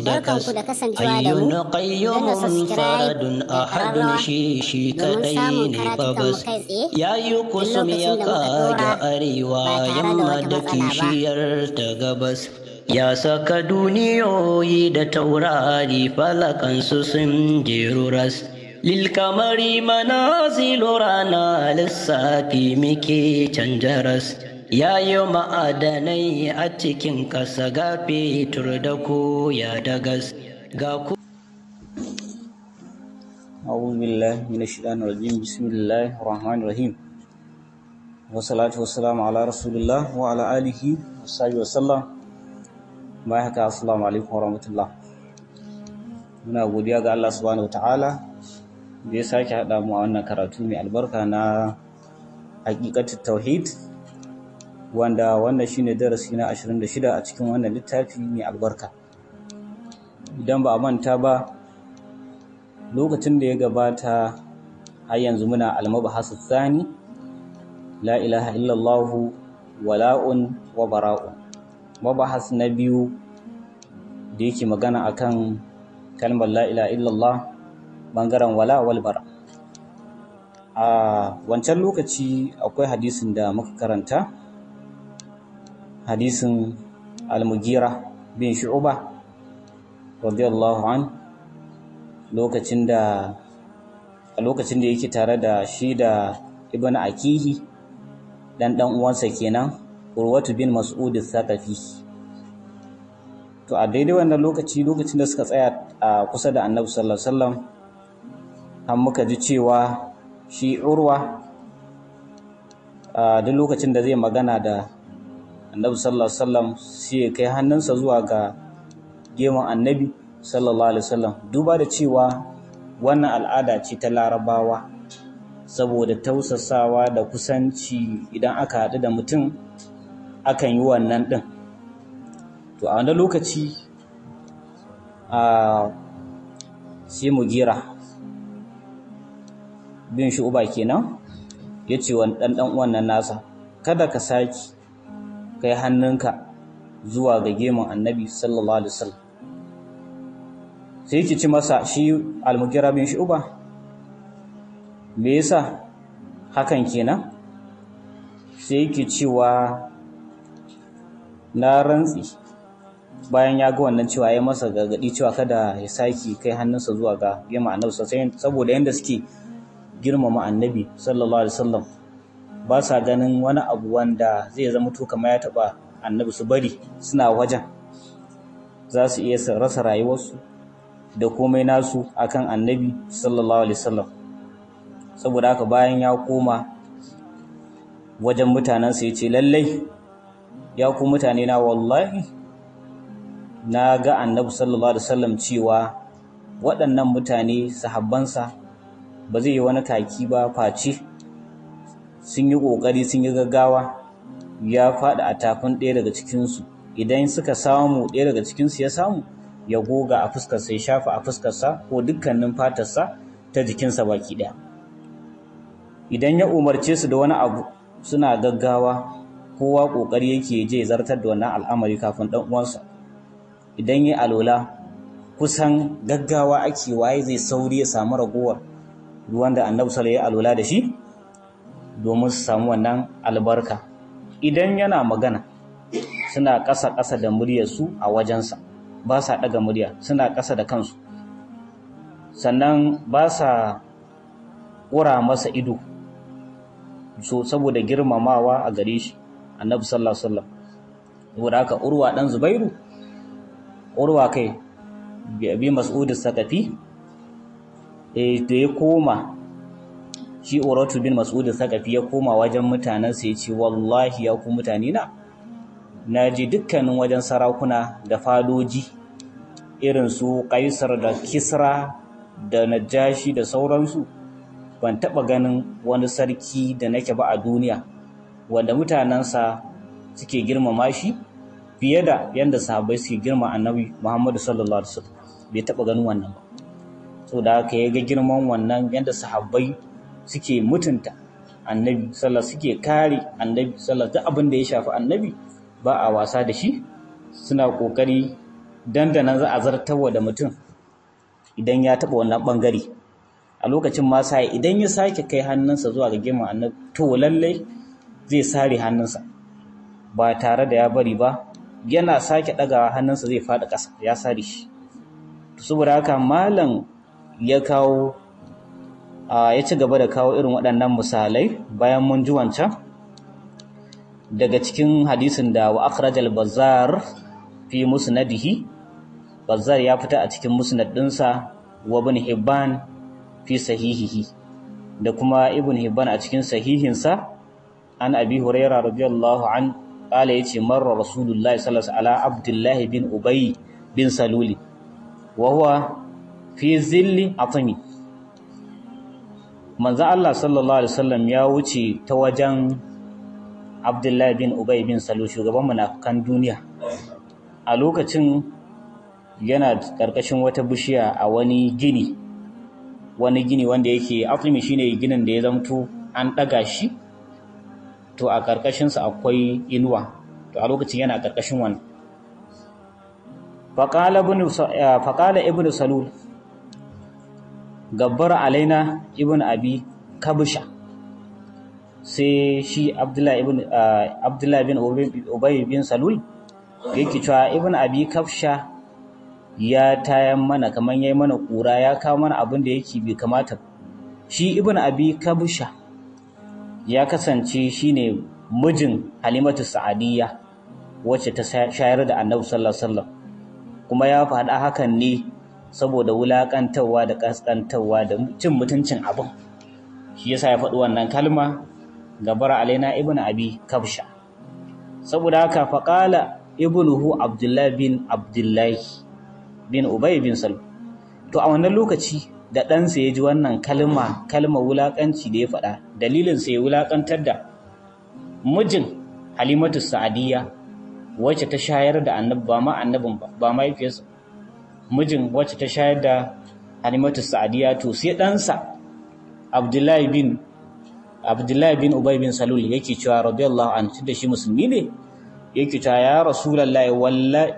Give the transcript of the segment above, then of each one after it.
Barkanku da kasancewa da mu dana subscribe da kararrawa domin samun karatukanmu kai tsaye duk lokacin da muka dora ba tare da wata matsala ba. Ya saka duniyoyi da taurari falakansu sun jeru ras. Lilkamari manazilu rana lissafi muke canjaras. ya yi ma'adanai a cikin ƙasa gafe tur da ya da ga ku أعوذ بالله من الشيطان الرجيم بسم الله الرحمن الرحيم والصلاة والسلام على رسول الله وعلى آله وصحبه muna godiya ga Allah subhanahu wataala da ya sake haɗa mu a wannan karatu mai albarka na hakikatun tauhid wanda wannan shine darasi na 26 a cikin wannan littafi mai albarka idan ba a manta ba lokacin da ya gabata har yanzu muna hasu tsani la ilaha illallahu wala'un wa bara'un mabahas na biyu da yake magana a kan kalmar la ilaha illallah bangaren wala wal bara a wancan lokaci akwai hadisin da muka karanta hadisin almugira bin shu'uba radiyallahu an lokacin da yake tare da shi da ibn akihi dan dan uwansa kenan urwatu bin mas'ud sakafi, to a daidai wannan lokaci lokacin da suka tsaya a kusa da annabi sallallahu alaihi an muka ji cewa shi urwa a duk lokacin da zai magana da annabi sallallahu alaihi wasallam sai ya kai hannunsa zuwa ga gemun annabi sallallahu alaihi wasallam duba da cewa wannan al'ada ce ta larabawa saboda tausasawa da kusanci idan aka haɗu da mutum akan yi wannan ɗin to a wani lokaci a sai mugira bin shi uba kenan ya ce wa ɗanɗan wannan nasa kada ka saki kai hannunka zuwa ga gemun annabi sallallahu alaihi wasallam sai kici ci masa shi almugira bin shuba me yasa hakan kenan sai yake cewa na rantsi bayan ya ga wannan cewa ya masa gargaɗi cewa kada ya saki kai hannunsa zuwa ga gemun annabi saboda yadda suke girmama annabi sallallahu alaihi wasallam ba sa ganin wani abu wanda zai zama to kamar ya taɓa annabi su bari suna wajen za su iya rasa rayuwarsu da komai nasu akan annabi sallallahu alaihi wasallam saboda haka bayan ya koma wajen mutanen ya ce lallai ya ku mutane na wallahi na ga annabi sallallahu alaihi wasallam cewa waɗannan mutane sahabbansa ba zai yi wani kaki ba face sun yi ƙoƙari sun yi gaggawa ya faɗi a tafin ɗaya daga cikinsu idan suka samu ɗaya daga cikinsu ya samu ya goga a fuskarsa ya shafa a fuskarsa ko dukkanin fatarsa ta jikinsa baki ɗaya idan ya umarce su da wani abu suna gaggawa kowa ƙoƙari yake je zartar da wannan al'amari kafin ɗan uwansa idan ya alola kusan gaggawa ake waye zai sauri ya samu ragowar ruwan da annabi sallallahu alaihi alola da shi domin su samu wannan albarka idan yana magana suna ƙasa ƙasa da muryarsu a wajensa ba sa ɗaga murya suna ƙasa da kansu sannan ba sa ƙura masa ido so saboda girmamawa a gare shi annabi sallallahu alaihi wasallam saboda haka urwa dan zubairu urwa kai bi mas'ud sakafi eh da ya koma shi uratu bin mas'ud sakafi ya koma wajen mutanen sa yace wallahi ya ku mutane na naji dukkanin wajen sarakuna da fadoji irin su kaisar da kisra da najashi da sauransu ban taba ganin wani sarki da nake ba a duniya wanda mutanensa suke girmama shi fiye da yadda sahabbai suke girma annabi Muhammadu sallallahu alaihi wasallam bai taba ganin wannan ba so da haka ya ga girman wannan yadda sahabbai suke mutunta annabi sallah suke kare annabi sallah duk abin da ya shafi annabi ba a wasa da shi suna kokari dandana za a zartarwa da mutum idan ya taɓa wannan ɓangare a lokacin ma sai idan ya sake kai hannunsa zuwa ga girman annabi to lallai zai sare hannunsa ba tare da ya bari ba yana sake ɗagawa hannunsa zai faɗi ƙasa ya sare shi saboda haka malam ya kawo ya ci gaba da kawo irin waɗannan misalai bayan mun ji wancan daga cikin hadisin da wa akhrajal bazzar fi musnadihi bazzar ya fita a cikin musnad dinsa wa ibn hibban fi sahihihi da kuma ibn hibban a cikin sahihinsa an abi huraira radiyallahu an qala yace marra rasulullahi sallallahu alaihi ala abdullah bin ubay bin saluli wa huwa fi zilli atami manzo Allah sallallahu alaihi wasallam ya wuce ta wajen Abdullahi bin Ubay bin Salul shugaban munafikan duniya a lokacin yana karkashin wata bishiya a wani gini wani gini wanda yake aflimi shine ginin da ya zamto an daga shi to a karkashin sa akwai inuwa to a lokacin yana karkashin wannan faqala ibn faqala ibn salul gabbar alaina ibn abi kabusha sai shi abdullahi ah, bin ubay bin salul yake cewa ibn abi kabsha ya tayan mana kaman yayi mana kura ya kawo mana abin da yake bai kamata shi ibn abi kabusha ya kasance shine mijin halimatu sa'adiyya wacce ta shayar da annabi sallallahu alaihi kuma ya faɗa hakan ne saboda wulaƙantarwa da ƙasƙantarwa da cin mutuncin abin shi yasa ya faɗi wannan kalma gabara alaina ibn abi kabsha saboda haka faƙala ibnuhu abdullahi bin abdullahi bin ubay bin salul to a wannan lokaci da ɗansa ya ji wannan kalma kalma wulakanci da ya faɗa dalilin sa ya wulakantar da mijin halimatu sa'adiyya wacce ta shayar da annabi ma annabin ba ba mahaifiyarsa mijin wacce ta shayar da halimatu sa'adiya to sai ɗansa abdullahi bin abdullahi bin ubay bin salul yake cewa radiyallahu anhu da shi musulmi ne yake cewa ya rasulullahi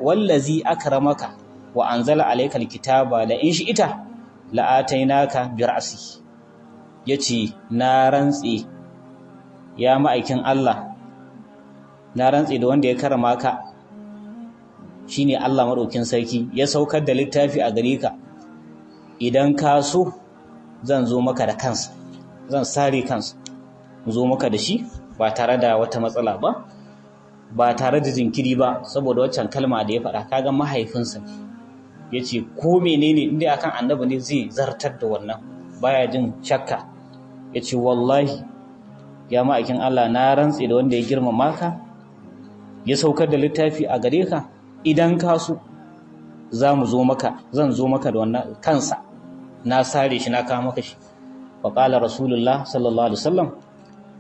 wallazi akramaka wa anzala alayka alkitaba la in shi'ita la atainaka bi ra'si yace na rantsi ya ma'aikin Allah na rantsi da wanda ya karama ka shine Allah maɗaukin sarki ya saukar da littafi a gare ka idan ka so zan zo maka da kansa zan sare kansa zo maka da shi ba tare da wata matsala ba ba tare da jinkiri ba saboda waccan kalma da ya faɗa kaga mahaifinsa ya ce ko menene inda akan annabi ne zai zartar da wannan baya jin shakka ya ce wallahi ya ma'aikin Allah na rantse da wanda ya girmama ka ya saukar da littafi a gare ka idan ka su za mu zo maka zan zo maka da wannan kansa na sare shi na kawo maka shi wa ƙala rasulullah sallallahu alaihi wasallam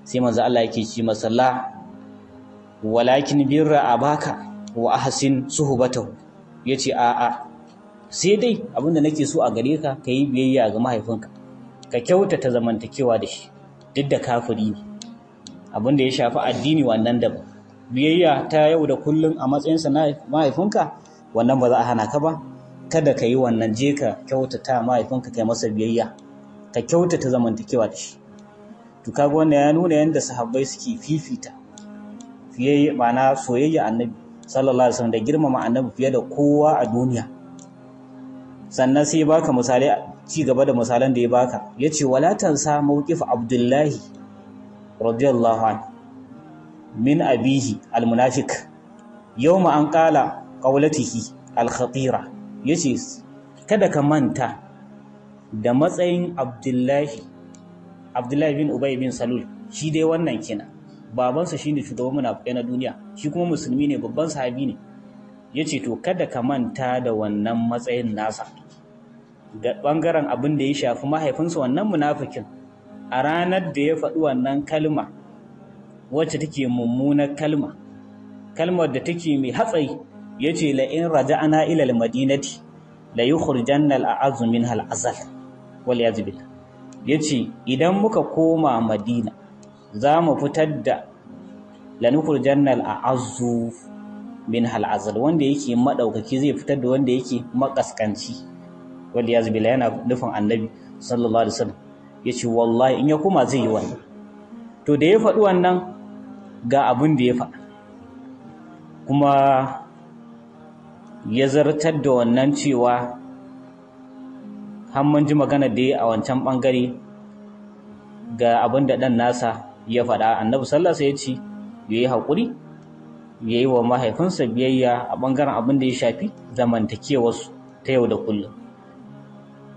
sai manzo Allah yake ci masa walakin birra abaka wa ahsin suhbatahu yace a a sai dai abinda nake so a gare ka kai biyayya ga mahaifinka ka kyautata zamantakewa da shi duk da kafiri ne abinda ya shafi addini wannan daban biyayya ta yau da kullum a matsayinsa na mahaifinka wannan ba za a hana ka ba kada ka yi wannan je ka kyautata mahaifinka kai masa biyayya ka kyautata zamantakewa da shi to kaga wannan ya nuna yadda sahabbai suke fifita fiye ma'ana soyayya annabi sallallahu alaihi wasallam da girmama annabi fiye da kowa a duniya sannan sai ya baka misalai ci gaba da misalan da ya baka yace wala sa mawqif abdullahi radiyallahu anhu min abihi almunafik ma an kala kawulatihi alkhatira ce, kada ka manta da matsayin abdullahi abdullahi bin ubay bin salul shi dai wannan kina babansa shine shugaban munafikai na duniya shi kuma musulmi ne babban sahabi ne Ya ce to kada ka manta da wannan matsayin nasa ga bangaren abin da ya shafi mahaifinsa wannan munafikin a ranar da ya faɗi wannan kalma wacce take mummunar kalma kalmar da take mai hatsari yace la in raja'ana ila al-madinati la yukhrijanna al-a'azzu min al-azal wal yazbil yace idan muka koma madina za mu fitar da la nukhrijanna al-a'azzu min al-azal wanda yake madaukaki zai fitar da wanda yake makaskanci wal yazbil yana nufin annabi sallallahu alaihi wasallam yace wallahi in ya koma zai yi wannan to da ya faɗi wannan ga abin da ya faɗa kuma ya zartar da wannan cewa hannun ji magana da ya a wancan ɓangare ga abin da ɗan nasa ya faɗa annabi sallasa ya ci ya yi haƙuri ya yi wa mahaifinsa biyayya a ɓangaren abin da ya shafi zamantakewarsu ta yau da kullum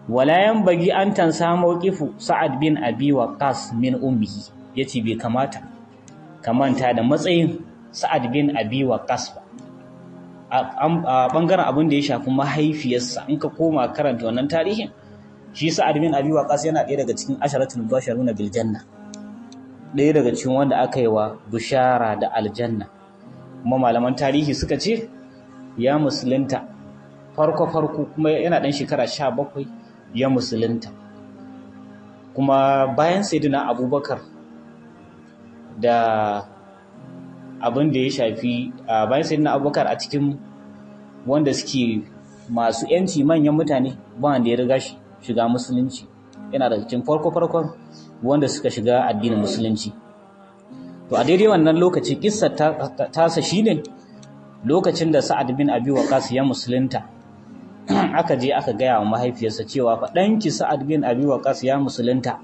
walayan bagi an tansa mawqifu sa'ad bin abi kas min ya ce bai kamata ka manta da matsayin sa'ad bin abi wa a bangaren abin da ya shafi mahaifiyarsa in ka koma karanta wannan tarihin shi sa'ad bin abi waqas yana ɗaya daga cikin asharatul mubashiruna bil biljanna, ɗaya daga cikin wanda aka yi wa bushara da aljanna kuma malaman tarihi suka ce ya musulunta farko farko kuma yana ɗan shekara sha bakwai ya musulunta kuma bayan saidina abubakar da abin da ya shafi a bayan na abubakar a cikin wanda suke masu yanci manyan mutane ba wanda ya riga shiga musulunci yana daga cikin farko farkon wanda suka shiga addinin musulunci to a daidai wannan lokaci kissa tasa shine lokacin da sa'ad bin abi waqas ya musulunta aka je aka gaya wa mahaifiyarsa cewa fa danki sa'ad bin abi waqas ya musulunta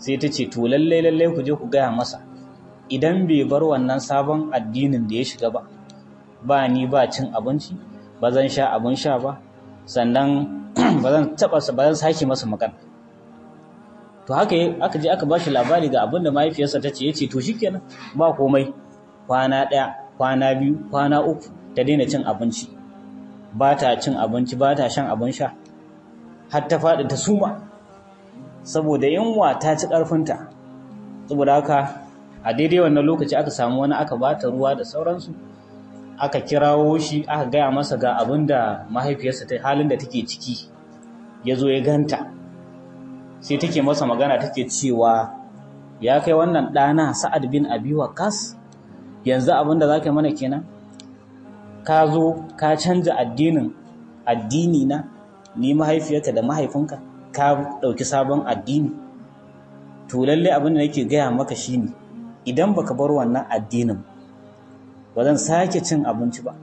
sai ta ce to lallai-lallai, ku je ku gaya masa idan bai bar wannan sabon addinin da ya shiga ba ba ni ba cin abinci ba zan sha abin sha ba sannan ba zan taba ba zan sake masa magana to haka aka je aka bashi labari ga abin da mahaifiyarsa ta ce yace to shikenan ba komai kwana ɗaya kwana biyu kwana uku ta daina cin abinci ba ta cin abinci ba ta shan abin sha har ta faɗi ta suma saboda yunwa ta ci ƙarfinta saboda haka a daidai wannan lokaci aka samu wani aka bata ruwa da sauransu aka kirawo shi aka gaya masa ga abin da mahaifiyarsa ta halin da take ciki ya zo ya ganta sai take masa magana take cewa ya kai wannan ɗana sa'ad bin abi waqas yanzu abin da ka mana kenan ka zo ka canja addinin addini na ni mahaifiyarka da mahaifinka ka ɗauki sabon addini to lallai abin da nake gaya maka shi ne. idan baka bar wannan addinin ba zan sake cin abinci ba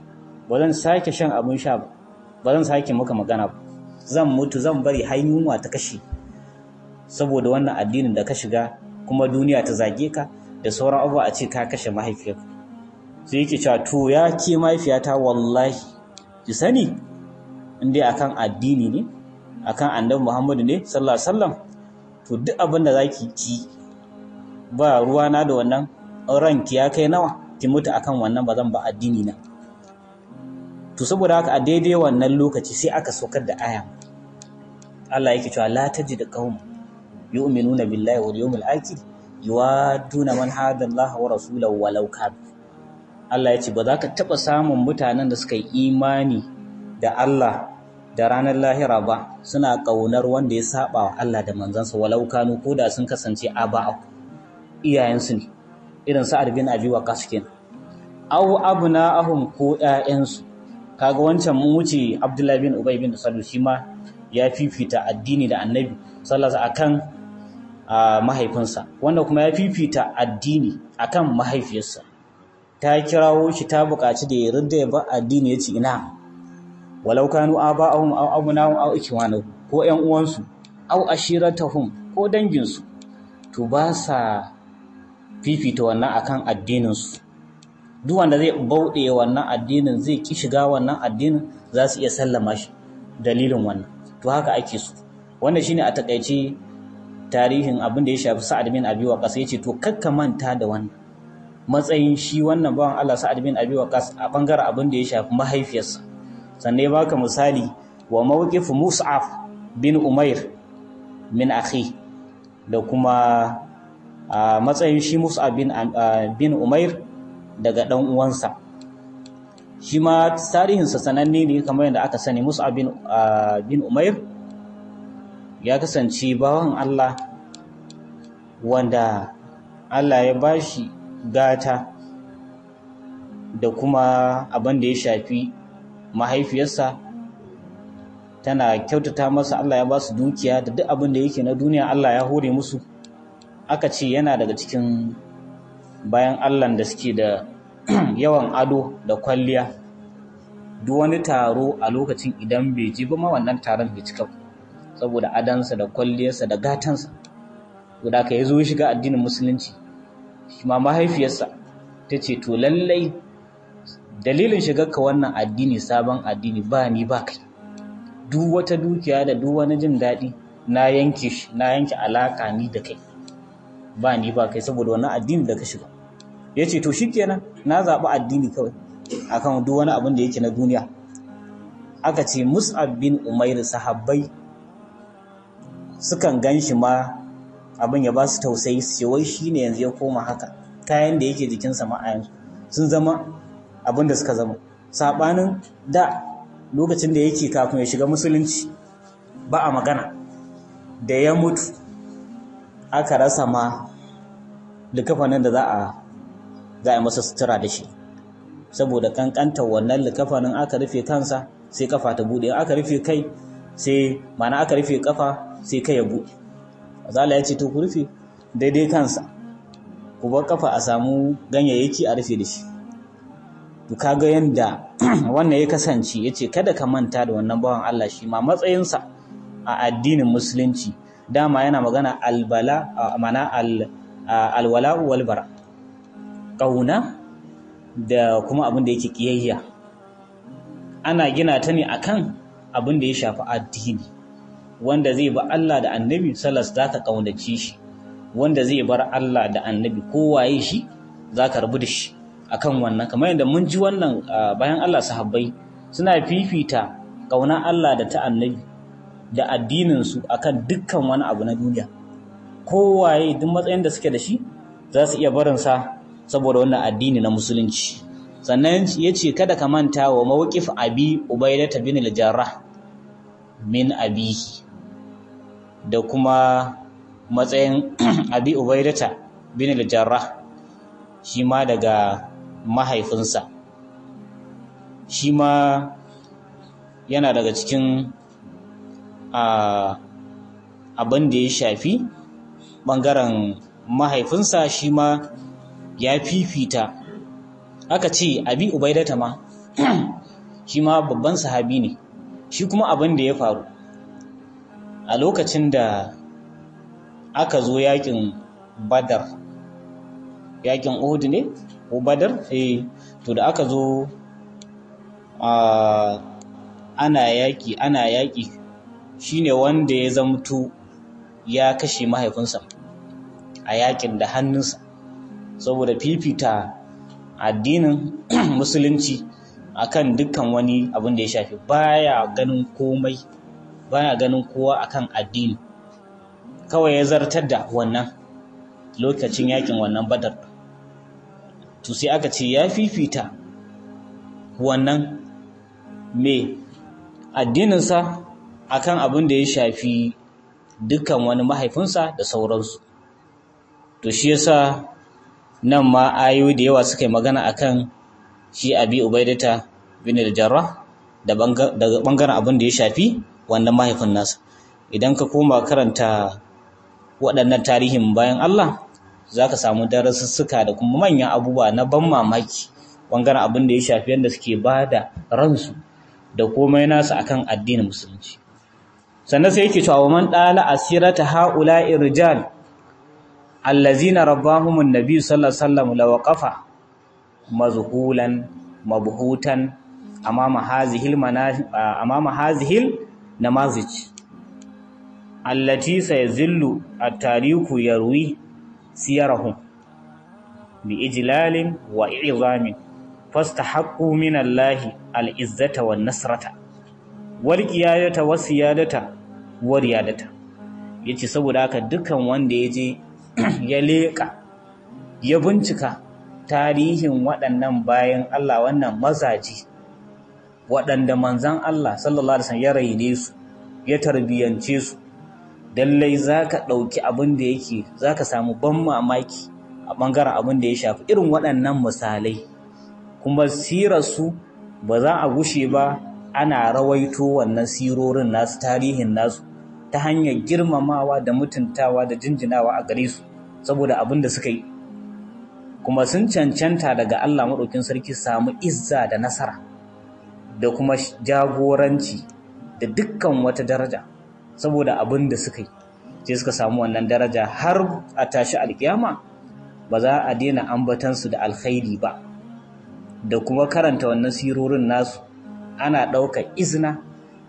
ba zan sake shan abin sha ba ba zan sake maka magana ba zan mutu zan bari har yunwa ta kashe saboda wannan addinin da ka shiga kuma duniya ta zage ka da sauran abubuwa a ce ka kashe mahaifiyarka sai yake cewa to ya ke mahaifiyata wallahi ki sani in dai akan addini ne akan annabi Muhammadu ne sallallahu alaihi wasallam to duk abin da zaki ki ba ruwa na da wannan ranki ya kai nawa ki mutu akan wannan ba zan ba addini na to saboda haka a daidai wannan lokaci sai aka saukar da aya Allah yake cewa la tajid qaum yu'minuna billahi wal yawmil akhir yuwaduna man hada Allah wa rasulahu walau Allah ya ce ba za ka taɓa samun mutanen da suka yi imani da Allah da ranar lahira ba suna ƙaunar wanda ya saba wa Allah da manzansa walau kanu ko da sun kasance a ba iyayensu ne irin sa'ad bin abi waqas kenan na ahun ko ƴaƴansu kaga wancan mun wuce Abdullahi bin Ubay bin Salul shi ma ya fifita addini da Annabi sallallahu akan mahaifinsa wanda kuma ya fifita addini akan mahaifiyarsa ta kirawo shi ta buƙaci da ya ridda ya ba addini ya ce ina walau kanu aba'ahum aw abnahum aw ikwanahum ko ƴan uwansu aw ashiratahum ko danginsu to ba sa fifita wannan akan addininsu duk wanda zai bauɗe wannan addinin zai ki shiga wannan addinin za su iya sallama shi dalilin wannan to haka ake so wannan shine a takaice tarihin abin da ya shafi Sa'ad bin Abi waqas yace to kakka manta da wannan matsayin shi wannan bawan Allah Sa'ad bin Abi waqas a bangaren abin da ya shafi mahaifiyarsa sannan ya baka misali wa mawqif mus'af bin umair min akhi da kuma a matsayin shi mus'af bin bin umair daga dan uwansa shi ma tarihinsa sananne ne kamar yadda aka sani mus'af bin bin umair ya kasance bawan Allah wanda Allah ya bashi gata da kuma abin da ya shafi mahaifiyarsa tana kyautata masa Allah ya ba su dukiya da duk abin da yake na duniya Allah ya hore musu aka ce yana daga cikin bayan Allah da suke da yawan ado da kwalliya duk wani taro a lokacin idan bai ji ba ma wannan taron bai cika saboda adansa da kwalliyarsa da gatansa to da ka ya zo shiga addinin musulunci shi ma mahaifiyarsa ta ce to lallai dalilin shigarka wannan addini sabon addini ba ni ba kai duk wata dukiya da duk wani jin daɗi na yanke shi na yanke alaƙa ni da kai ba ni ba kai saboda wannan addini da ka shiga ya ce to shikenan na zaɓi addini kawai akan duk wani abin da yake na duniya aka ce mus'ab bin umairu sahabbai sukan gan shi ma abin ya ba su tausayi su ce wai shine yanzu ya koma haka kayan da yake jikinsa ma a sun zama abin da suka zama saɓanin da lokacin da yake kafin ya shiga musulunci ba a magana da ya mutu aka rasa ma likafanin da za a za a masa sutura da shi saboda kankantar wannan likafanin aka rufe kansa sai kafa ta buɗe aka rufe kai sai mana aka rufe kafa sai kai ya buɗe azala ya ce to ku rufe daidai kansa ku bar kafa a samu ganyayyaki a rufe da shi to ga yanda wannan ya kasance ya ce kada ka manta da wannan bawan Allah shi ma matsayinsa a addinin musulunci dama yana magana albala mana alwala Walbara. Ƙauna da kuma abin da yake kiyayya ana gina ta ne akan abin da ya shafi addini wanda zai ba Allah da annabi salas za ka kaunace shi wanda zai bar Allah da annabi kowaye shi za ka rabu da shi akan wannan kamar yadda mun ji wannan bayan Allah sahabbai suna fifita ƙauna Allah da ta annabi da addinin su akan dukkan wani abu na duniya kowaye duk matsayin da suke da shi za su iya barinsa saboda wannan addini na musulunci sannan ya ce kada ka manta wa mawqif abi ubaidata bin al-jarrah min abihi da kuma matsayin abi ubaidata bin al-jarrah shi ma daga mahaifinsa shi ma yana daga cikin abin da ya shafi ɓangaren mahaifinsa shi ma ya fifita aka ce abi ubaidata ma shi ma babban sahabi ne shi kuma abin da ya faru a lokacin da aka zo yakin badar yakin uhud ne ko badar eh to da aka zo ana yaƙi ana yaƙi shine wanda ya zamto ya kashe mahaifinsa a yaƙin da hannunsa saboda fifita addinin musulunci akan dukkan wani abin da ya shafi baya ganin komai baya ganin kowa akan addini kawai ya zartar da wannan lokacin yakin wannan badar to sai aka ce ya fifita wannan me addininsa akan abin da ya shafi dukkan wani mahaifinsa da sauransu to shi yasa nan ma ayoyi da yawa suka yi magana akan shi abi ubaidata bin da jarra da bangaren abin da ya shafi wannan mahaifin nasa idan ka koma karanta waɗannan tarihin bayan Allah za ka samu darasussuka da kuma manyan abubuwa na ban mamaki bangaren abin da ya shafi yadda suke ba da ransu da komai nasu akan addinin musulunci sannan sai yake cewa man dala ta haula irjal allazina rabbahumun nabi sallallahu alaihi wasallam law qafa mazhulan mabhutan amama hazihil amama hazihil namazij allati sayzillu at-tariku yarwi siyarahum bi ijlalin wa izamin fastahaqqu min Allahi al-izzata wan yace saboda haka dukkan wanda ya je ya leka ya bincika tarihin waɗannan bayan Allah wannan mazaji waɗanda manzan Allah sallallahu alaihi wasallam ya raine su ya tarbiyance su lallai za ka ɗauki abin da yake za ka samu ban mamaki a ɓangaren abin da ya shafi irin waɗannan misalai kuma su ba za a gushe ba ana rawaito wannan sirorin nasu tarihin nasu ta hanyar girmamawa da mutuntawa da jinjinawa a gare su saboda abin da suka yi kuma sun cancanta daga Allah maɗaukin sarki samu izza da nasara da kuma jagoranci da dukkan wata daraja. saboda abin da suka yi sai suka samu wannan daraja har a tashi alkiyama ba za a daina ambatansu da alkhairi ba da kuma karanta wannan sirorin nasu ana ɗaukar izina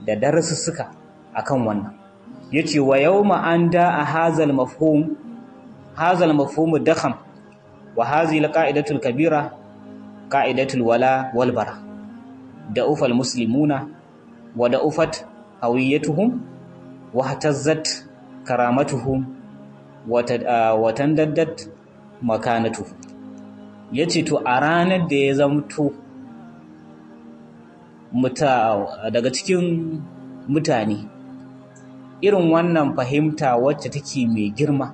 da darussuka akan wannan yace wa yawma an da a hazal mafhum hazal mafhum dakham wa hazihi kabira qa'idatul wala wal bara da ufal muslimuna wa da ufat hawiyatuhum wahtazzat karamatuhu watan daddat makanatu ya to a ranar da ya zamto daga cikin mutane irin wannan fahimta wacce take mai girma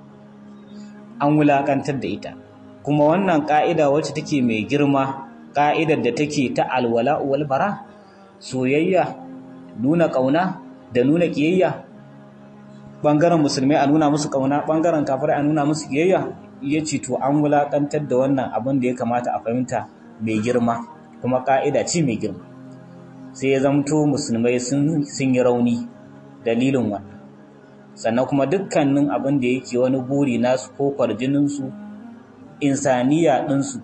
an wulaƙantar da ita kuma wannan ƙa'ida wacce take mai girma ƙa'idar da take ta alwala walbara, soyayya nuna ƙauna da nuna ƙiyayya bangaren musulmai a nuna musu ƙauna, bangaren kafirai a nuna musu kiyayya ya ce to an wulaƙantar da wannan abin da ya kamata a fahimta mai girma kuma ka'ida ce mai girma sai ya zamto musulmai sun yi rauni dalilin wannan sannan kuma dukkanin abin da yake wani buri nasu ko kwarjininsu insaniya ɗinsu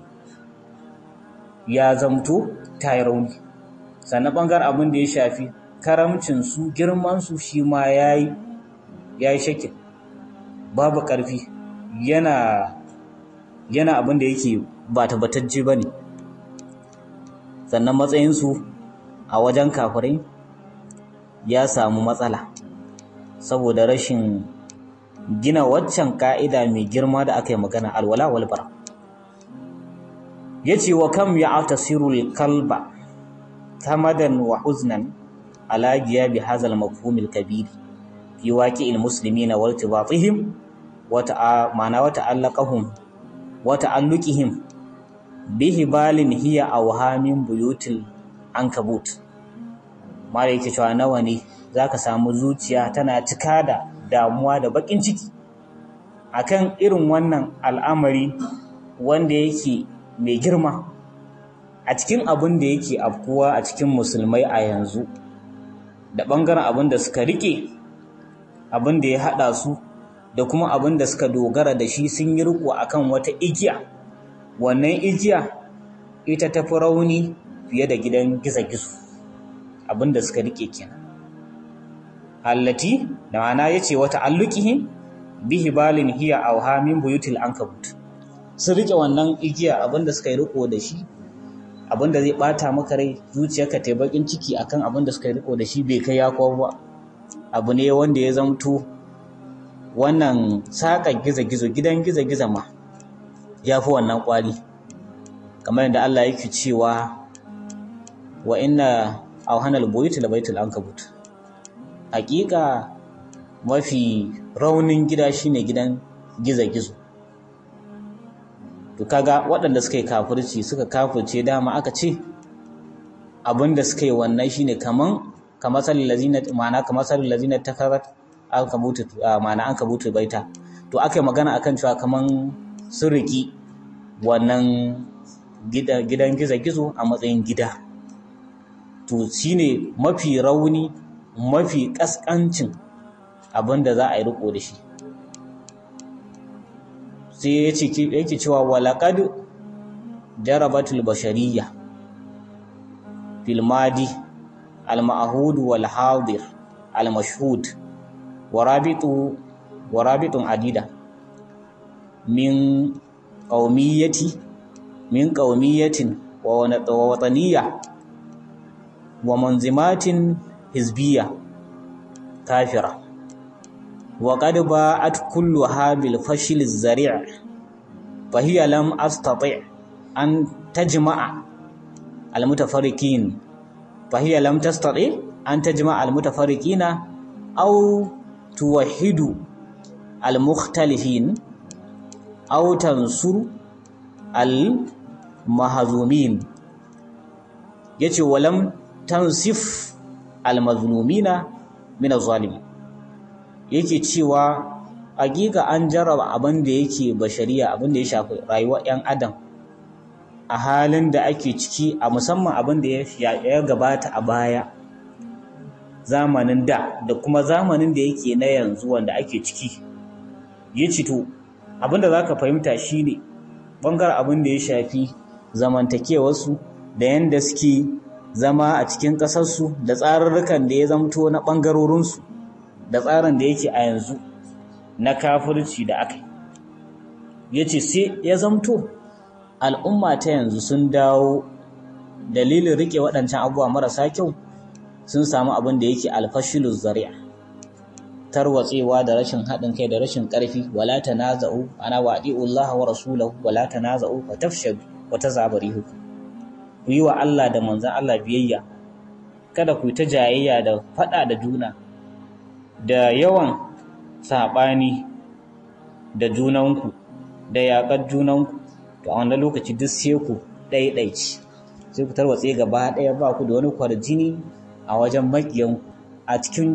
ya zamto ta yi rauni sannan ɓangaren abin da ya shafi karamcinsu girmansu shi ma ya yi ya yi shakin babu ƙarfi yana yana abin da yake ba tabbatacce ba ne sannan matsayinsu a wajen kafirai ya samu matsala saboda rashin gina waccan ka'ida mai girma da aka yi magana alwala walbara ya ce wa kam ya tasirul kalba ta madan wa huznan alagiya bi hazal mafhumil kabiri fi waƙi muslimina na irtibatihim ba ta'a ma'ana wata ta'allaqahum wata allukihim bihi balin hiya awhamin an ankabut mara yake cewa nawa ne za ka samu zuciya tana cika da damuwa da bakin ciki akan irin wannan al'amari wanda yake mai girma a cikin abin da yake afkuwa a cikin musulmai a yanzu da ɓangaren abin da suka riƙe. abin da ya haɗa su da kuma abin da suka dogara da shi sun yi riko kan wata igiya wannan igiya ita ta fi rauni fiye da gidan gizo-gizo abin da suka rike kenan allati da ma'ana ya ce wata allukihin bihi balin hiya auha min buyutil ankabut sun riƙe wannan igiya abin da suka yi riko da shi abin da zai ɓata maka rai zuciyarka ta baƙin ciki akan abin da suka yi riko da shi bai kai ya kowa ba abu ne wanda ya zamto wannan saƙa gizo-gizo gidan gizo-gizo ma ya fi wannan kwari kamar yadda Allah yake cewa wa inna auhanal buyut la baitul ankabut hakika mafi raunin gida shine gidan gizo-gizo to kaga waɗanda suka yi kafirci suka kafirce dama aka ce abinda suka yi wannan shine kaman kamasalin lazina ma'ana kamasalin lazina an kabutu ma'ana an kabutu baita to aka yi magana akan cewa kaman suriki wannan gidan gizo-gizo a matsayin gida to shine mafi rauni mafi kaskancin abin da za a yi riko da shi sai ya ce yake cewa walakad jarabatul bashariya filmadi المعهود والحاضر المشهود ورابط ورابط عديدة من قومية من قومية ووطنية ومنظمات حزبية كافرة وقد باءت كلها بالفشل الزريع فهي لم أستطع أن تجمع المتفرقين fa hiya lam tastati an tajma al mutafarriqina aw tuwahhidu al mukhtalifin aw tansur al mahzumin yace walam tansif al mazlumina min az-zalim yake cewa hakika an jarraba abin da yake bashariya abin da ya shafi rayuwar 'yan adam a halin da ake ciki a musamman abin da ya gabata a baya zamanin da da kuma zamanin da yake na yanzu wanda ake ciki ya cito abin da za ka fahimta shi ne, bangar abin da ya shafi zamantakewarsu da yadda suke zama a cikin ƙasarsu da tsarurrukan da ya zamto na ɓangarorinsu da tsarin da yake a yanzu na kafirci da aka yi ya ce sai ya zamto al'umma ta yanzu sun dawo dalilin rike waɗancan abubuwa marasa kyau sun samu abin da yake alfashilu zari'a tarwatsewa da rashin haɗin kai da rashin ƙarfi wala tanaza'u ana waɗi Allah wa rasulahu wala tanaza'u fa wata wa tazabarihu ku yi wa Allah da manzan Allah biyayya kada ku ta jayayya da faɗa da juna da yawan saɓani da junanku da yaƙar junanku to a lokaci duk sai ku ɗaiɗaici sai ku tarwatse gaba ɗaya ba ku da wani kwarjini a wajen ku? a cikin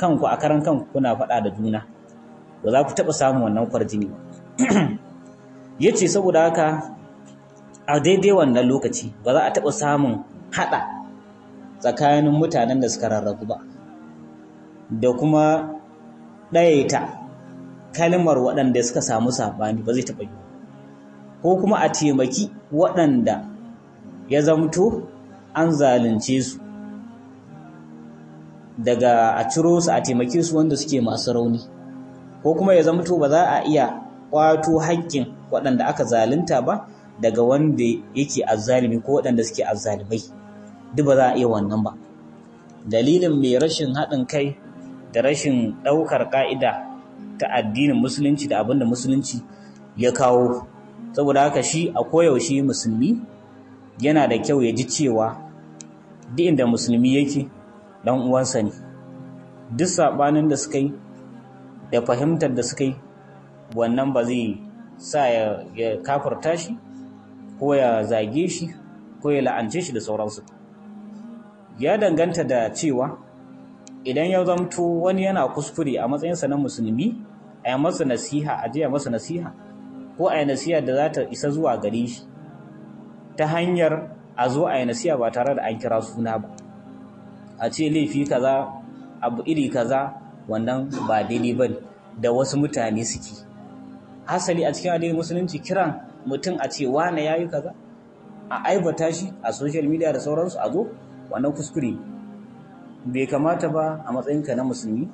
kanku a karan kanku kuna faɗa da juna ba za ku taɓa samun wannan kwarjini ba ya ce saboda haka a daidai wannan lokaci ba za a taɓa samun haɗa tsakanin mutanen da suka rarrabu ba da kuma ɗayaita kalmar waɗanda suka samu saɓani ba zai taɓa yi ko kuma a taimaki waɗanda ya zamto an zalunce su daga a ciro su a taimake su wanda suke masu rauni ko kuma ya zamto ba za a iya ƙwato haƙƙin waɗanda aka zalunta ba daga wanda yake azzalimi ko waɗanda suke azzalimai duk ba za a iya wannan ba dalilin mai rashin haɗin kai da rashin ɗaukar ƙa'ida ta addinin musulunci da abin da musulunci ya kawo saboda haka shi a koyaushe musulmi yana da kyau ya ji cewa duk inda musulmi yake dan uwansa ne duk sabanin da suka yi da fahimtar da suka yi wannan ba zai sa ya, ya kafirta shi ko ya zage shi ko ya la'ance shi da sauransu ya danganta da cewa idan ya zamto wani yana kuskure a matsayinsa na musulmi a yi masa nasiha a je masa nasiha ko a yi nasiha da za ta isa zuwa gare shi ta hanyar a zo a yi ba tare da an kira suna ba a ce laifi kaza abu iri kaza wannan ba daidai ba da wasu mutane suke hasali a cikin addinin musulunci kiran mutum a ce wane yayi kaza a aibata shi a social media da sauransu a zo wannan kuskure bai kamata ba a matsayinka na musulmi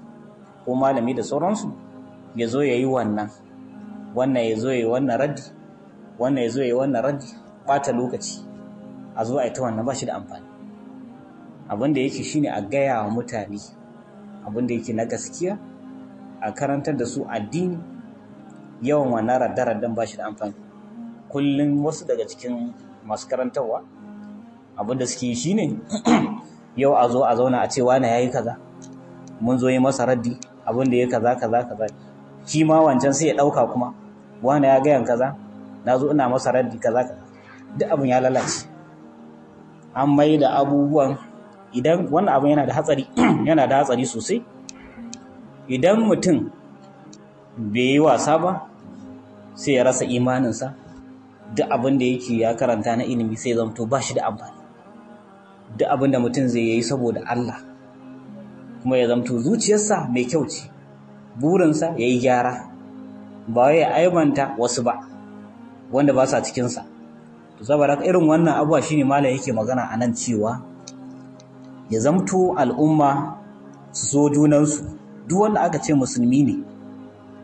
ko malami da sauransu ya zo ya yi wannan wannan ya zo ya wannan raddi wannan ya zo ya wannan raddi bata lokaci a zo a yi ta wannan ba shi da amfani abin da yake shine a gaya wa mutane abin da yake na gaskiya a karantar da su addini yawan wannan radda-raddan ba shi da amfani kullum wasu daga cikin masu karantarwa abin da suke yi shine yau a zo a zauna a ce na ya yi kaza mun zo yi masa raddi abin da ya kaza kaza kaza shi ma wancan sai ya ɗauka kuma wani ya gayan kaza na zo ina masa raddi kaza duk abin ya lalace an mai da abubuwan idan wannan abin yana da hatsari yana da hatsari sosai idan mutum bai yi wasa ba sai ya rasa imaninsa duk abin da yake ya karanta na ilimi sai zamto ba shi da amfani duk abin da mutum zai yi saboda Allah kuma ya zamto zuciyarsa mai kyau ce burinsa ya yi gyara ba ya aibanta wasu ba wanda ba sa cikinsa to saboda irin wannan abuwa shine malam yake magana a nan cewa ya zamto al'umma su so junansu duk wanda aka ce musulmi ne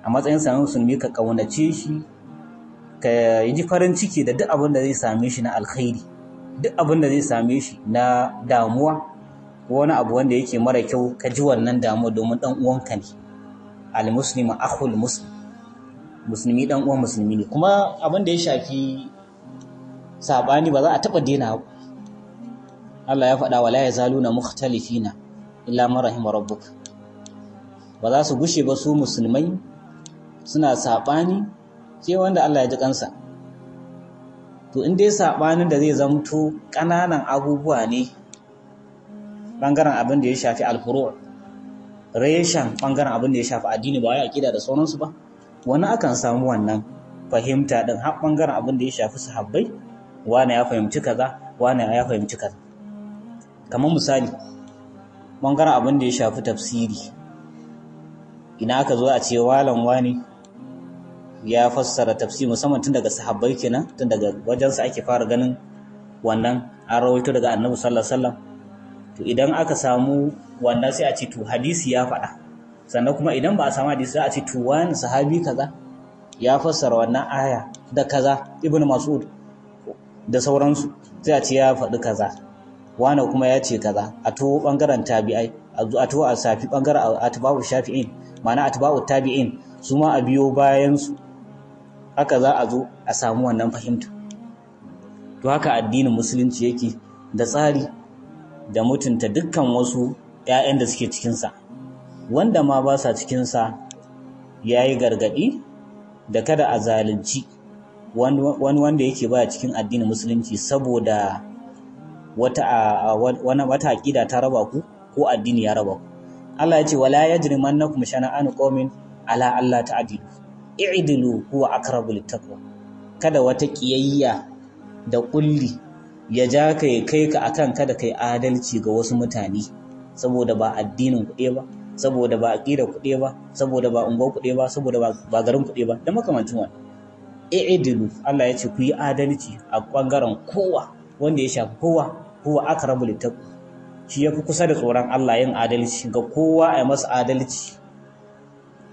a matsayin sa musulmi ka kaunace shi ka yi farin ciki da duk abin da zai same shi na alkhairi duk abin da zai same shi na damuwa ko wani abu wanda yake mara kyau ka ji wannan damuwa domin dan uwanka ne al-muslimu akhul muslim musulmi dan uwan musulmi ne kuma abin da ya shafi sabani ba za a taba ba. Allah ya faɗa wala yazaluna mukhtalifina illa man rahima rabbuk ba za su gushe ba su musulmai suna sabani sai wanda Allah ya ji kansa to in dai sabanin da zai zamto kananan abubuwa ne bangaren abin da ya shafi alfuru reshen bangaren abin da ya shafi addini ba wai akida da sauransu ba wani akan samu wannan fahimta din har ɓangaren abin da ya shafi sahabbai wane ya fahimci kaza wane ya fahimci kaza kamar misali ɓangaren abin da ya shafi tafsiri ina ka zo a ce walan wani ya fassara tafsiri musamman tun daga sahabbai kenan tun daga wajensa ake fara ganin wannan an rawaito daga annabi sallallahu alaihi wasallam to idan aka samu wannan sai a ce to hadisi ya faɗa sannan kuma idan ba a samu hadisi za a ce to wani sahabi kaza ya fassara wannan aya da kaza ibnu mas'ud da sauransu sai a ce ya faɗi kaza wani kuma ya ce kaza a to bangaren tabi'ai a to a safi bangaren atba'u shafi'in ma'ana atba'u tabi'in su ma a biyo bayan su haka za a zo a samu wannan fahimta to haka addinin musulunci yake da tsari da mutunta dukkan wasu 'ya'yan da suke cikinsa wanda ma ba sa cikinsa ya yi gargaɗi da kada a zalunci wani wanda yake ba cikin addinin musulunci saboda wata aƙida ta raba ku ko addini ya raba ku Allah ya ce wala yajrimannakum shana'anu qaumin ala Allah ta'dilu i'dilu huwa aqrabu littaqwa kada wata ƙiyayya da kulli ya ja ka ya kai ka akan kada kai adalci ga wasu mutane saboda ba addinin ku ba saboda ba aƙidar kuɗi ba saboda ba unguwar kuɗe ba saboda ba garin kuɗe ba da makamancin wani i'dilu Allah ya ce ku yi adalci a ɓangaren kowa wanda ya shafi kowa aka rabu littaqwa shi yafi kusa da tsoron Allah yin adalci ga kowa a masa adalci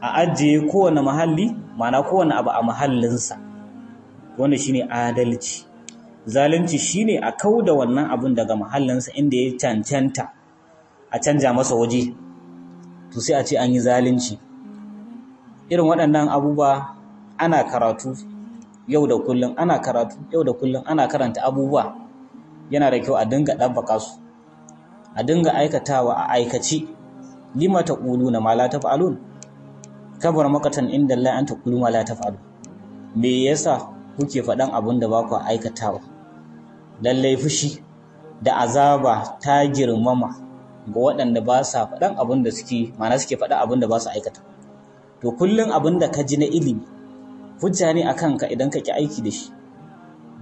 a ajiye kowane muhalli, ma'ana kowane abu a muhallinsa, wanda shine adalci zalunci shine a kau da wannan abun daga muhallinsa inda ya cancanta a canja masa waje to sai a ce an yi zalunci irin waɗannan abubuwa ana karatu yau da kullum ana karatu yau da kullum ana karanta abubuwa yana da kyau a dinga ɗabbaka su a dinga aikatawa a aikace lima ta ƙulu na ma la taf'alun kabar makatan inda la an ta ƙulu ma la taf'alun me yasa kuke faɗan abin da ba ku aikatawa lallai fushi da azaba ta girmama ga waɗanda ba sa faɗan abin da suke ma'ana suke faɗa abin da ba su aikata to kullum abin da ka ji na ilimi hujja ne a kanka idan ka ki aiki da shi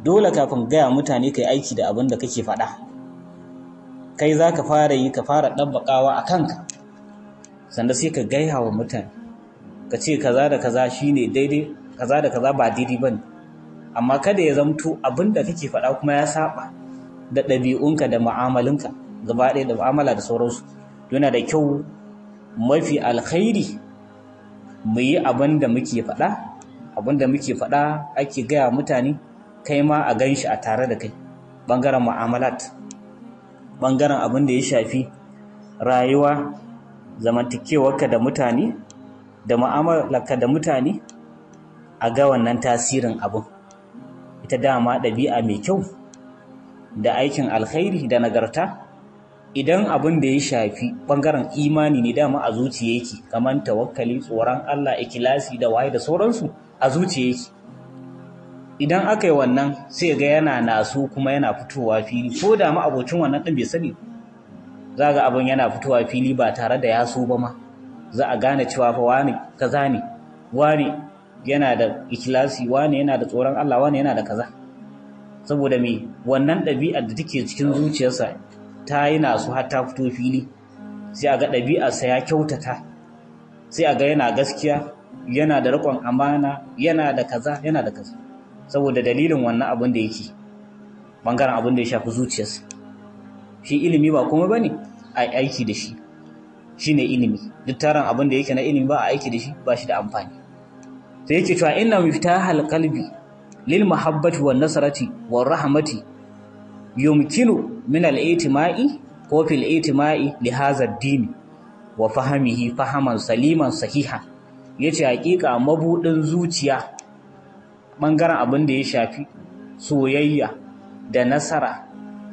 dole kafin gaya mutane ka yi aiki da abin da kake faɗa kai za ka fara yi ka fara ɗabbaƙawa a kanka sanda sai ka gaya wa mutane ka ce kaza da kaza shine daidai kaza da kaza ba daidai ba ne amma kada ya zamto abin da kake faɗa kuma ya saba da ɗabi'unka da mu'amalinka gaba ɗaya da mu'amala da sauransu yana da kyau mafi alkhairi mu yi abin da muke faɗa abin da muke faɗa ake gaya mutane kai ma a gan shi a tare da kai Bangaren mu'amalat ɓangaren abin da ya shafi rayuwa zamantakewarka da mutane da mu'amalarka da mutane a ga wannan tasirin abin ita dama ɗabi'a mai kyau da aikin alkhairi da nagarta idan abin da ya shafi bangaren imani ne dama a zuciya yake kamar tawakkali tsoron Allah ikilasi da waye da sauransu a zuciya yake idan aka yi wannan sai ga yana naso kuma yana fitowa fili ko da ma abocin wannan din bai sani za ga abin yana fitowa fili ba tare da ya so ba ma za a gane cewa fa wani kaza ne wani yana da ikilasi wani yana da tsoron Allah wani yana da kaza saboda me wannan ɗabi'ar da take cikin zuciyarsa ta yi su har ta fito fili sai a ga ɗabi'arsa ya kyautata sai a ga yana gaskiya yana da riƙon amana yana da kaza yana da kaza saboda dalilin wannan abin da yake bangaren abin da ya shafi zuciyarsa shi ilimi ba kuma ne a aiki da shi ne ilimi duk taron abin da yake na ilimi ba a aiki da shi ba shi da amfani sai yake cewa ina mifta halkalbi lil mahabbati wa nasarati, wa rahmati yumkinu min al-itima'i ko fil itima'i li hadha ad wa fahamihi fahaman saliman sahiha yace hakika mabudin zuciya ɓangaren abin da ya shafi soyayya da nasara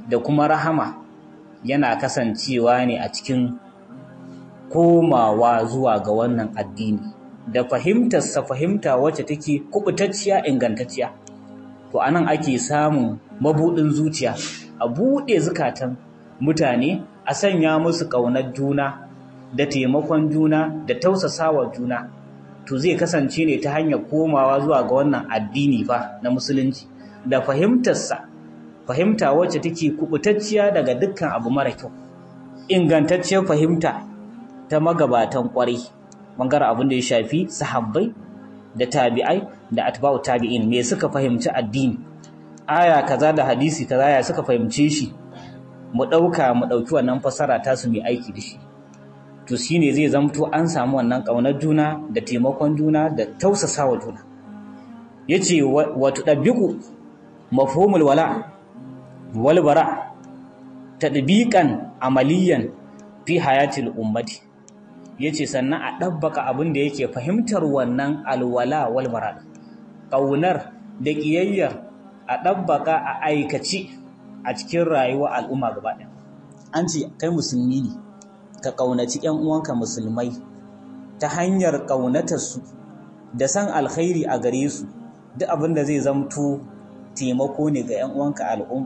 da kuma rahama yana kasancewa ne a cikin komawa zuwa ga wannan addini da fahimtarsa fahimta wacce take kubutacciya ingantacciya to anan ake samun mabuɗin zuciya a buɗe zukatan mutane a sanya musu ƙaunar juna da taimakon juna da tausasawa juna to zai kasance ne ta hanyar komawa zuwa ga wannan addini fa na musulunci da fahimtarsa fahimta wacce take kubutacciya daga dukkan abu mara kyau ingantacciyar fahimta ta magabatan kwarai bangaren abin da ya shafi sahabbai da tabi'ai da atba'u tabi'in me suka fahimci addini aya kaza da hadisi kaza ya suka fahimce shi mu ɗauka mu ɗauki wannan fasara, ta su mai aiki da shi to shine zai zamto an samu wannan ƙaunar juna da taimakon juna da tausasawa juna yace wato ɗabiku mafhumul wala wal bara tadbiqan amaliyan fi hayatil ummati ya ce sannan a ɗabbaka abin da yake fahimtar wannan alwala wal marad ƙaunar da ƙiyayyar a ɗabbaka a aikaci a cikin rayuwar al'umma gaba an ce kai musulmi ne ka ƙaunaci 'yan uwanka musulmai ta hanyar ƙaunatarsu da san alkhairi a gare su duk abin da zai zamto taimako ne ga 'yan uwanka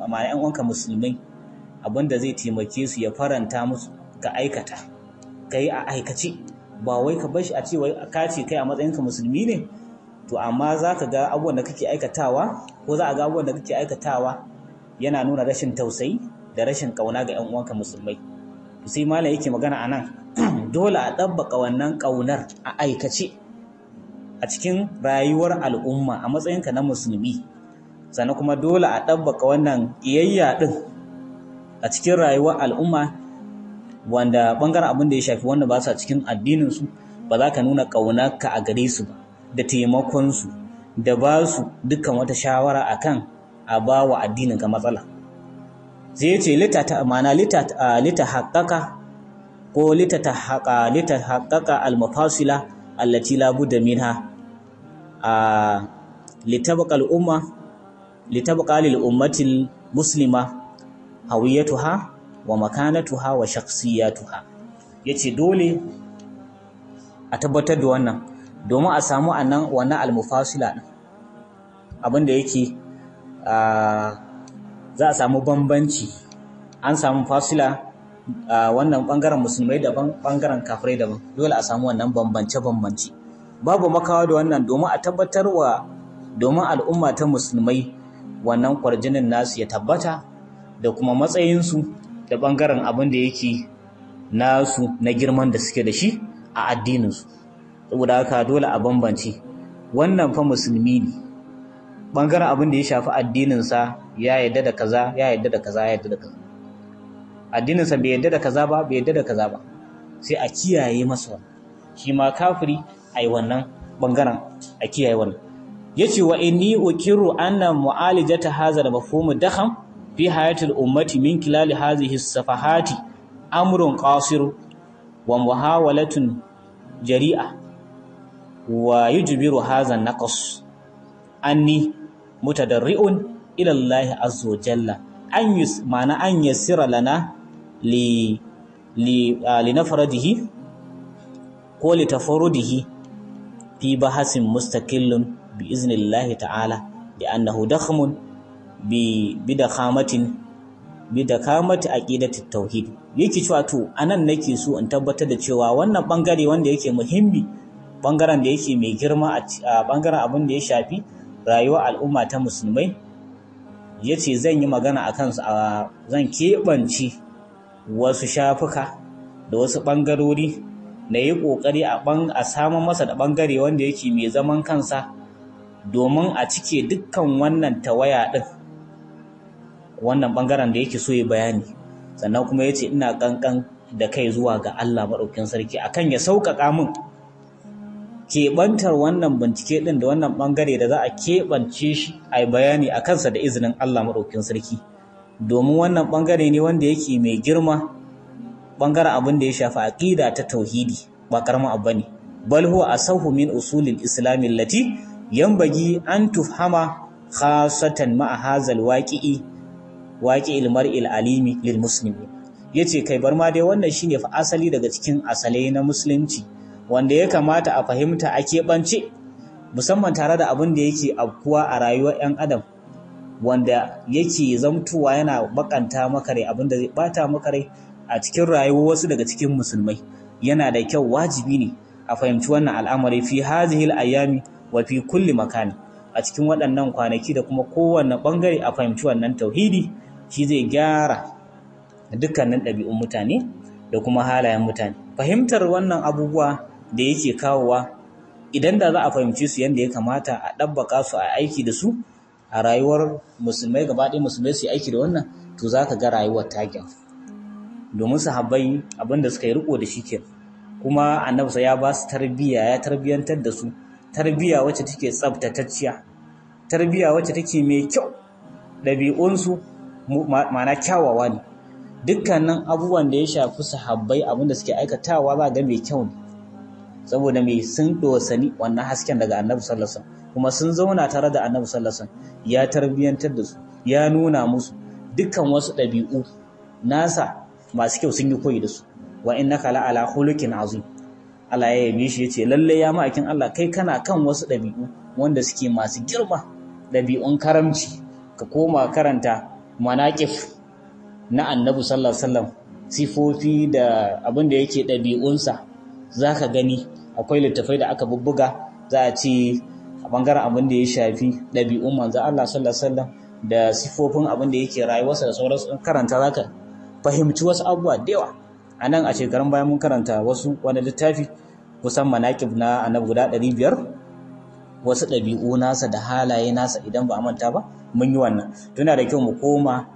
ma uwanka musulmai abin da zai taimake su ya faranta musu ga aikata ka yi a aikace ba wai ka bashi a ce ka ce kai a matsayinka musulmi ne to amma za ka ga abubuwan da kake aikatawa ko za a ga abubuwan da kake aikatawa yana nuna rashin tausayi da rashin kauna ga 'yan uwanka musulmai to sai malam yake magana a nan dole a ɗabbaka wannan ƙaunar a aikace a cikin rayuwar al'umma a matsayinka na musulmi sannan kuma dole a ɗabbaka wannan ƙiyayya ɗin a cikin rayuwar al'umma wanda bangaren abin da ya shafi wanda ba sa cikin addininsu, su ba za ka nuna ƙaunarka a gare su ba da taimakon su da ba su dukkan wata shawara akan a ba wa addinin ka matsala zai ce mana lita lita haqqaqa ko lita ta haqa lita haqqaqa al mafasila allati la budda minha a litabqa al umma litabqa lil ummati muslima hawiyatuha wa makanatuha wa shakhsiyatuha yace dole a tabbatar da wannan domin a samu annan wannan almufasila din abin da yake za a samu bambanci an samu fasila wannan bangaren musulmai daban bangaren kafirai daban dole a samu wannan bambance bambance babu makawa da wannan domin a tabbatar wa domin al'umma ta musulmai wannan kwarjinin nasu ya tabbata da kuma matsayinsu da ɓangaren abin da yake nasu na girman da suke da shi a addininsu saboda haka dole a bambance wannan fa musulmi ne ɓangaren abin da ya shafi addininsa ya yadda da kaza ya yadda da kaza ya yadda da kaza addininsa bai yadda da kaza ba bai yadda da kaza ba sai a kiyaye masa shi ma kafiri a yi wannan ɓangaren a kiyaye wannan ya ce wa inni ukiru annan mu'alijata hazar mafhumu dakham fi hayatul ummati min kilali hazihi safahati amrun qasir wa muhawalatun jari'a wa yujbiru hadha naqas anni mutadarri'un ila Allah azza jalla an yus mana an yassira lana li li uh, linafradihi ko litafarudihi fi bahasin mustaqillun bi iznillahi ta'ala li annahu dakhmun bi da khamatin bi da kamata aqidatit tauhid yake cewa to anan nake so in tabbatar da cewa wannan bangare wanda yake muhimmi bangaren da yake mai girma a bangaren abin da ya shafi rayuwar al'umma ta musulmai yace zan yi magana a akan zan keɓanci wasu shafuka da wasu bangarori na yi ƙoƙari a samun masa da bangare wanda yake mai zaman kansa domin a cike dukkan wannan tawaya ɗin wannan bangaren da yake so ya bayani sannan kuma ya ce ina kankan da kai zuwa ga Allah maɗaukin sarki akan ya sauƙaƙa min keɓantar wannan bincike ɗin da wannan ɓangare da za a keɓance shi a bayani a kansa da izinin Allah maɗaukin sarki domin wannan ɓangare ne wanda yake mai girma ɓangaren abin da ya shafi aƙida ta tauhidi ba ƙaramin abu ne bal huwa asahu min usulil islam allati yanbaghi an tufhama khasatan ma'a hadzal waqi'i waƙi ilmar alimi lil muslimi ya ce kai bar ma dai wannan shine fa asali daga cikin asalai na musulunci wanda ya kamata a fahimta a keɓance musamman tare da abin da yake afkuwa a rayuwar 'yan adam wanda yake zamtuwa yana bakanta maka rai abin zai bata maka rai a cikin rayuwar wasu daga cikin musulmai yana da kyau wajibi ne a fahimci wannan al'amari fi hazihil ayami wa fi kulli makani a cikin waɗannan kwanaki da kuma kowanne bangare a fahimci wannan tauhidi shi zai gyara dukkanin ɗabi'un mutane da kuma halayen mutane fahimtar wannan abubuwa da yake kawowa idan da za a fahimci su yadda ya kamata a ɗabbaka su a aiki da su a rayuwar musulmai gaba ɗaya musulmai su yi aiki da wannan to za ka ga rayuwar ta gyaru domin sahabbai abin da suka yi riko da shi ke kuma annabsa ya ba su tarbiyya ya tarbiyantar da su tarbiyya wacce take tsabtatacciya tarbiyya wacce take mai kyau ɗabi'unsu ma'ana kyawawa ne dukkanin abubuwan da ya shafi sahabbai abinda suke aikatawa ba ga mai kyau ne saboda mai sun dosani wannan hasken daga annabi sallallahu kuma sun zauna tare da annabi sallallahu ya tarbiyantar da su ya nuna musu dukkan wasu ɗabi'u nasa masu kyau sun yi koyi da su wa na kala ala khuluqin azim Allah ya yabe shi yace lalle ya ma'akin Allah kai kana kan wasu ɗabi'u wanda suke masu girma ɗabi'un karamci ka koma karanta manaƙif na annabi sallallahu alaihi wasallam sifofi da abin yake ɗabi'unsa za ka gani akwai littafai da aka bubbuga za a ce a bangaren abinda ya shafi ɗabi'un manzo Allah sallallahu alaihi wasallam da sifofin abin yake rayuwarsa da sauransu karanta za ka fahimci wasu abubuwa da yawa a nan a shekarun bayan mun karanta wasu wani littafi kusan manaƙif na annabi guda ɗari biyar wasu ɗabi'u nasa da halaye nasa idan ba a manta ba mun yi wannan tuna da kyau mu koma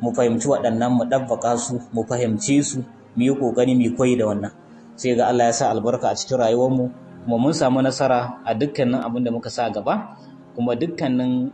mu fahimci waɗannan mu ɗabbaka su mu fahimce su mu yi ƙoƙari mu koyi da wannan sai ga Allah ya sa albarka a cikin rayuwarmu kuma mun samu nasara a dukkanin abin da muka sa gaba kuma dukkanin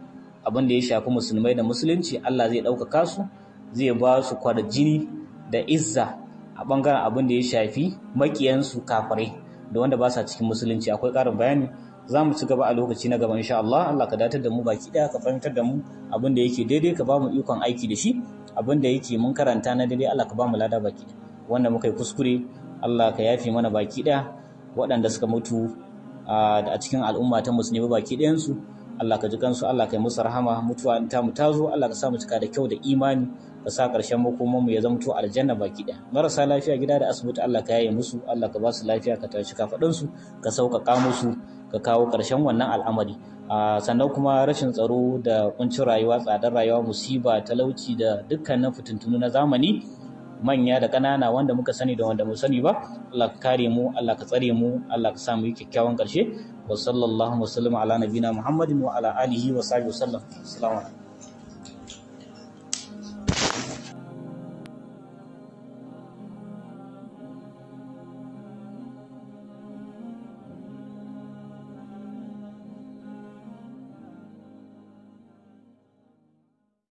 abin da ya shafi musulmai da musulunci Allah zai ɗaukaka su zai ba su kwarjini da izza a bangaren abin da ya shafi makiyansu kafirai da wanda ba sa cikin musulunci akwai ƙarin bayani za mu ci gaba a lokaci na gaba insha Allah Allah ka datar da mu baki daya ka fahimtar da mu abin da yake daidai ka ba mu ikon aiki da shi abin da yake mun karanta na daidai Allah ka ba mu lada baki wanda muka yi kuskure Allah ka yafe mana baki daya waɗanda suka mutu a cikin al'umma ta musulmi baki ɗayansu Allah ka ji kansu Allah ka yi musu rahama mutuwa ta mu tazo Allah ka sa mu cika da kyau da imani ka sa ƙarshen makoman mu ya zamto aljanna baki ɗaya marasa lafiya gida da asibiti Allah ka yaye musu Allah ka ba su lafiya ka tashi kafaɗansu ka sauƙaƙa musu ka kawo ƙarshen wannan al'amari sannan kuma rashin tsaro da kuncin rayuwa tsadar rayuwa musiba talauci da dukkanin fitintunu na zamani manya da ƙanana wanda muka sani da wanda mu sani ba Allah ka kare mu Allah ka tsare mu Allah ka sa mu yi kyakkyawan ƙarshe wa sallallahu wa sallam ala nabina muhammadin wa ala alihi wa sahbihi wa sallam assalamu alaikum